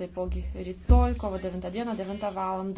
Taipogi rytoj, kovo 9 dieną, 9 val.